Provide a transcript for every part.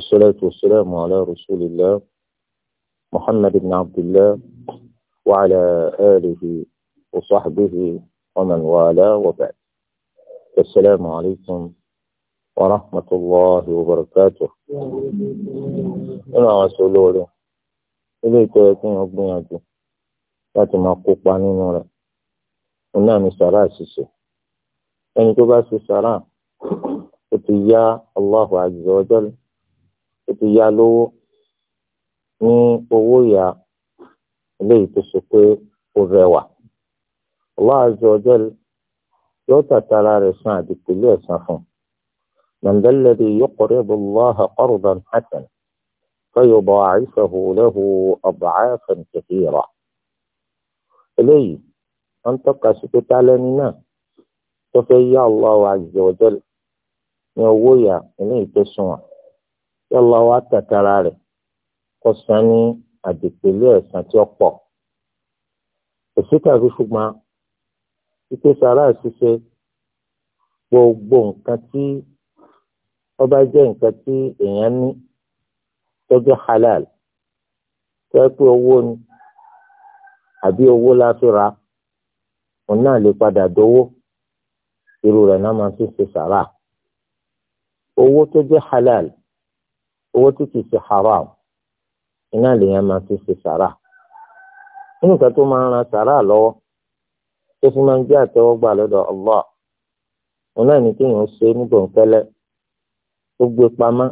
والصلاة والسلام على رسول الله محمد بن عبد الله وعلى آله وصحبه ومن والاه وبعد السلام عليكم ورحمة الله وبركاته أنا رسول يعني الله إليك يكون أبنياتي láti máa kópa nínú rẹ̀ òun náà ni sàrà ṣiṣẹ́ ẹni tó bá ṣe sàrà ó ti yá ó ti yá lówó ní owó ya eléyìí tó so pé ó rẹwà Allah azza wa jal yóò tàtàrà rẹ̀ san àdìpẹ̀lú ẹ̀san fún man alladhi yuqridu Allaha qardan hasan fayudaa'ifahu lahu ad'aafan kathira eléyìí wọ́n tọ́ka sí pé tálẹ́ni náà tó fẹ́ yá Allah azza wa jal ní owó ya eléyìí tó sunwọ̀n. yọlọ wa tàtàrà rẹ̀ kó san ní àdìpẹ̀lú ẹ̀san tí ó pọ̀ òsì tàbí ṣùgbọ́n ike sàrà ṣiṣẹ́ gbogbo nǹkan tí ó bá jẹ́ nǹkan tí èèyàn ní tó jẹ́ halal tó pé owó ni àbí owó la òun náà lè padà dówó irú rẹ̀ náà máa fi ṣe sàrà owó tó jẹ́ halal owó tó ti ṣe haram iná lèèyàn máa ti ṣe sàrà nínú nǹkan tó máa ń ran sàrà lọ́wọ́ tó fi máa ń jẹ́ àtẹ́wọ́gbà lọ́dọ̀ Allah òun náà ní kéèyàn ṣe ní gbòǹkẹ́lẹ́ tó gbé pamọ́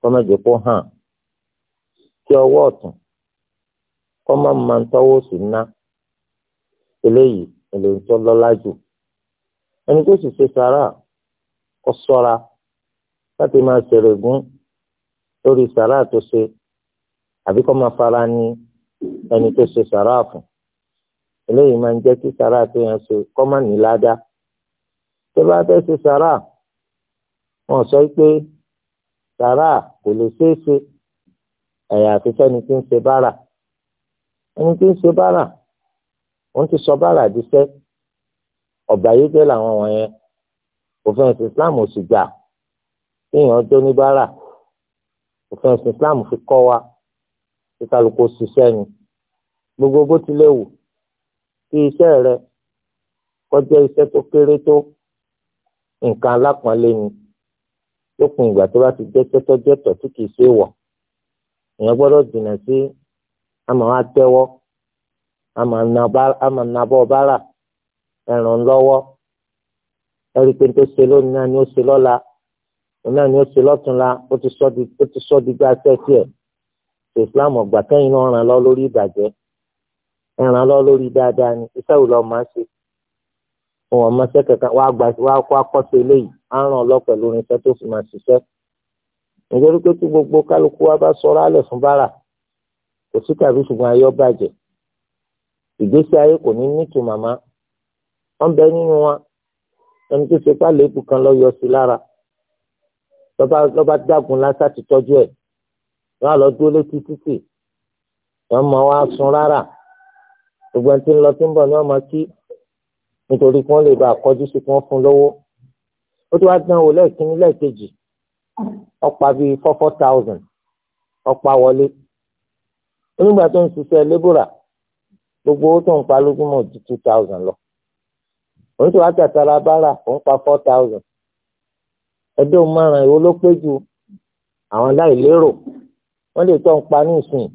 kọ́mọ́jẹ́ kó hàn kí ọwọ́ ọ̀tún kọ́mọ́ máa ń tọ́wọ́ sí ná eléyìí èlò lọ́lá jù ẹni tó sì ṣe sàrà lórí sàrà tó ṣe àbí kọ́ máa fara ní ẹni tó ṣe sàrà fún eléyìí máa ń jẹ́ kí sàrà tó yẹn ṣe kọ́ máa ní ládá tó bá fẹ́ ṣe sàrà wọn sọ pé sàrà kò lè ṣeé ṣe ẹ̀yà àfẹ́fẹ́ ni tí ń ṣe bára ẹni tí ń ṣe bára wọ́n ti sọ bára àdìsẹ́ ọ̀bàyédé làwọn wọ̀nyẹn òfin ẹ̀sìn Islam ò sì gbà kéèyàn jó ní bára òfin ẹ̀sìn Islam fi kọ́ wa kí kálukú ṣiṣẹ́ ni gbogbo bó tilẹ̀ wù kí iṣẹ́ rẹ kọjá iṣẹ́ tó kéré tó nǹkan alápọ̀nlé ni lópin ìgbà tó bá ti jẹ́ tẹ́tọ́jẹ́ tọ̀ tí kìí ṣe wọ̀ èèyàn gbọ́dọ̀ jìnnà sí àmọ́ àtẹ́wọ́ àmọ́ nàbọ̀ bára ẹ̀ràn lọ́wọ́ ẹ̀rí pé tó ṣe lónìí náà ni ó ṣe lọ́la òun náà ni ó ṣe lọ́túnla ó ti sọ́ di ó ti sọ́ di gbá sẹ́sì ẹ̀ ṣe islam ọ̀gbà kẹ́yìn náà ràn lọ́ lórí ìbàjẹ́ ẹ̀ràn lọ́ lórí dáadáa ni iṣẹ́ òun lọ́ máa ṣe òun ọmọ ṣẹ́ kẹ̀kẹ́ wàá gbà wàá kó akọ́ṣe eléyìí á ràn lọ́ pẹ̀lú irinṣẹ́ tó fi máa ṣiṣẹ́ nítorí pé tí gbogbo kálukú wa bá sọ̀rọ̀ alẹ̀ fún bára kò sí tàbí ṣùgbọ́n ayọ́ bàjẹ́ ìgbésí ayé kò ní nítù màmá wọ́n bẹ nínú wa ẹni tó ṣe pálẹ̀ èkú kan lọ́ yọ sí lára lọ́ba lọ́ba dágun lásán ti tọ́jú ẹ̀ wọ́n á lọ dúró létí títì wọ́n mọ wá sun rárá gbogbo ẹni tí ń lọ tí ń bọ̀ ni wọ́n mọ kí nítorí kí wọ́n lè bá àkọ́jú sí kí wọ́n fún lówó ó ti wá dán wò lẹ́ẹ̀kínní lẹ́ẹ̀kejì ọ̀pá bíi four four thousand ọ̀pá wọlé onígbà tó ń ṣiṣẹ́ lébùrà gbogbo owó tó ń pa lójúmọ́ ju two thousand lọ òun ti wá tàtàrà bára òun pa four thousand ẹjọ́ márùn ìwọ ló pé ju àwọn láìlérò wọ́n lè tọ́ ń pa ní ìsìn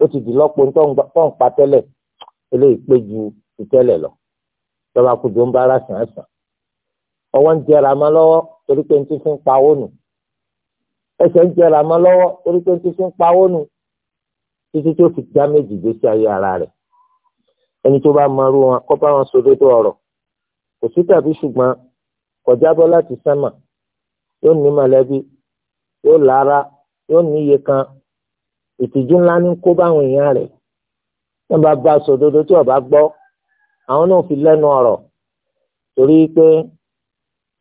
ó ti dì lọ́pọ̀ ń tọ́ ń pa tẹ́lẹ̀ eléyìí pé ju ti tẹ́lẹ̀ lọ tọ́ba kudu ń bára sàn án sàn ọwọ́ ń jẹra mọ́ lọ́wọ́ torí pé ń ti fi ń pawó nù ẹsẹ̀ ń jẹra mọ́ lọ́wọ́ torí pé ń ti fi ń pawó nù títí tó fi dá méjì gbèsè ayé ara rẹ̀ ẹni tó bá marú wọn kọ́ bá wọn sódódó ọ̀rọ̀ kò sí tàbí ṣùgbọ́n kọjá bọ́ láti sánmà yóò ní mọ̀lẹ́bí yóò lára yóò ní iye kan ìtìjú ńlá ní kó báwọn èèyàn rẹ̀ wọn bá bá sòdodo tí ọba gbọ́ àwọn náà fi lẹ́nu ọ̀rọ̀ torí pé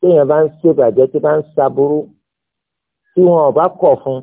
téèyàn bá ń ṣèbàjẹ́ tí bá ń ṣaburú tí wọn ọba kọ̀ fún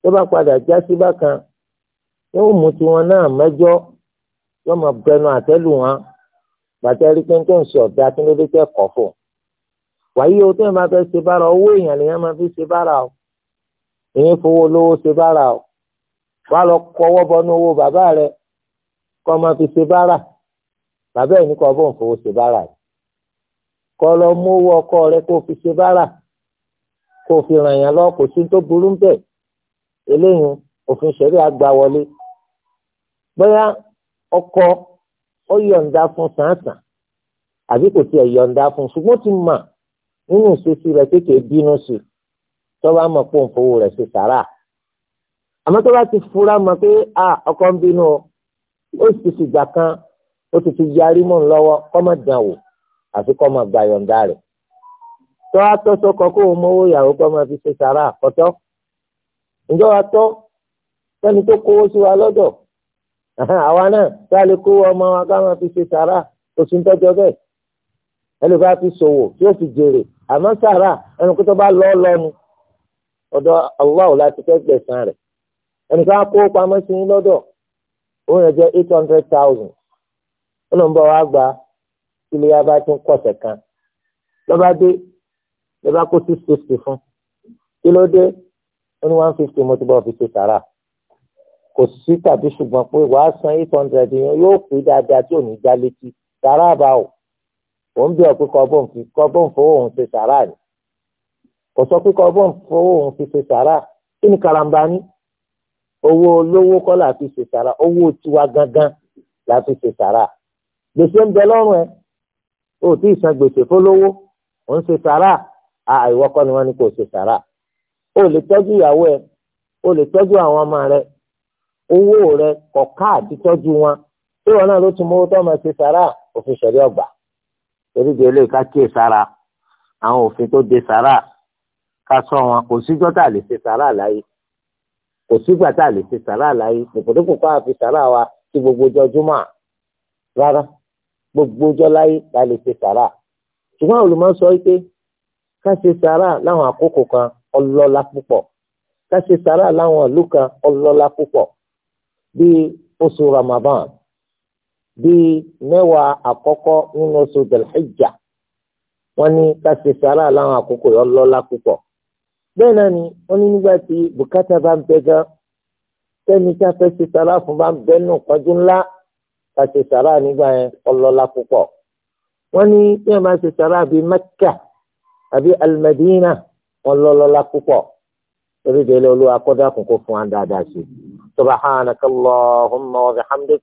tó bá padà já sí bákan yóò mú tiwọn náà mẹ́jọ yóò máa bẹnu àtẹ́lù wọn gbàtẹ́ rí pé ń tó ń ṣe ọ̀dà kí ló dé tẹ́ kọ̀ fún un wàyí o tẹ́yìn bá fẹ́ ṣe bára owó èèyàn lèèyàn máa fi ṣe bára o èèyàn fowó olówó ṣe bára o wà á lọ kọwọ́ bọnú owó bàbá rẹ kọ́ máa fi ṣe bára bàbá ẹ̀ ní kọ́ bọ̀ ń fowó ṣe bára rẹ kọ́ lọ mú owó ọkọ rẹ kó fi ṣe bára kó fi ràn yàn lọ kò sí tó burú ń bẹ̀ eléyìí òfin ṣẹ̀rí àgbà wọlé bóyá ọkọ ó yọ̀ǹda fún sàǹsàn àbí kò tiẹ̀ yọ̀ǹda fún ṣùgbọ́n ti mọ̀ nínú ìṣesí rẹ̀ kéèké bínú sí tó bá mọ̀ pé òun fowó ṣe sàrà àmọ́ tó bá ti fura mọ̀ pé a ọkọ ń bínú ó sì ti gbà kan ó ti ti yarí mọ́ ń lọ́wọ́ kọ́ mọ̀ dàn wò àfi kọ́ mọ̀ gba yọ̀ǹda rẹ̀ tó a tọ́ sọkọ kó o mówó ìyàwó kọ́ mọ̀ fi ṣe sàrà àkọ́tọ́ ǹjọ́ wa tọ́ sẹ́ni tó kówó sí wa lọ́dọ̀ àwa náà tá a lè kówó ọmọ wa ká máa fi ṣe sàrà oṣù tọ́jọ́ bẹ́ẹ̀ ẹlòmíràn fi ṣòwò tí ó fi jèrè àmọ́ sàrà ẹni kó tó bá lọ́ lọ́nu ọ̀dọ̀ Allah láti fẹ́ gbẹ̀san rẹ̀ ẹni ká kó pamọ́ sí yín lọ́dọ̀ ó yẹn jẹ́ eight hundred thousand ó lọ́n bọ̀ wá gba ilé ya bá ti ń kọ̀sẹ̀ kan lọ́ba dé lọ́ba kó two fifty fún kí ló dé ó ní one fifty mo ti bọ̀ fi ṣe sàrà kò sí tàbí ṣùgbọ́n pé wàá san eight hundred yẹn yóò pé dáadáa tí ò ní já létí sàrà bá o. wọ́n bí ọ pé kọ́bọ̀n fi fowó òun ṣe sàrà ni kò sọ pé kọ́bọ̀n fowó òun fi ṣe sàrà kí ni owó olówó kọ́ la fi ṣe sàrà owó tiwa gangan la fi ṣe sàrà gbèsè ń bẹ lọ́rùn ẹ o tí gbèsè fọlọ́wọ́ òun ṣe sàrà àìwọ́ kọ́ ni wọ́n ní ṣe sàrà o lè tọ́jú torídéé lè ká kíyè sára àwọn òfin tó de sára ká sọ wọn kò síjọ́ tá a lè ṣe sára láyé kò sígbà tá a lè ṣe sára láyé kòkòdókò pa àfi sára wa kí gbogbo ọjọ́ júmọ́ rárá gbogbo ọjọ́ láyé la lè ṣe sára ṣùgbọ́n olùmọ̀ sọ wípé ká ṣe sára láwọn àkókò kan ọlọ́lá púpọ̀ ká ṣe sára láwọn ìlú kan ọlọ́lá púpọ̀ bíi oṣù Ramadan bíi mẹ́wàá àkọ́kọ́ nínú oṣù Dhul-Hijja wọ́n ní káṣí sàrà láwọn àkókò yọ lọ́lá púpọ̀ bẹ́ẹ̀ náà ni wọ́n ní nígbà tí bùkátà bá ń bẹ gan sẹ́ni tí a fẹ́ ṣe sàrà fún bá ń bẹ́nu kọjú ńlá káṣí sàrà nígbà yẹn ọlọ́lá púpọ̀ wọ́n ní bí wọ́n bá ṣe sàrà bíi Mẹ́kà àbí Al-Madina ọlọ́lọ́lá púpọ̀ torí délé olúwa kọ́dà kó fún wa dáadáa sí subhanakallahumma wa bihamdik.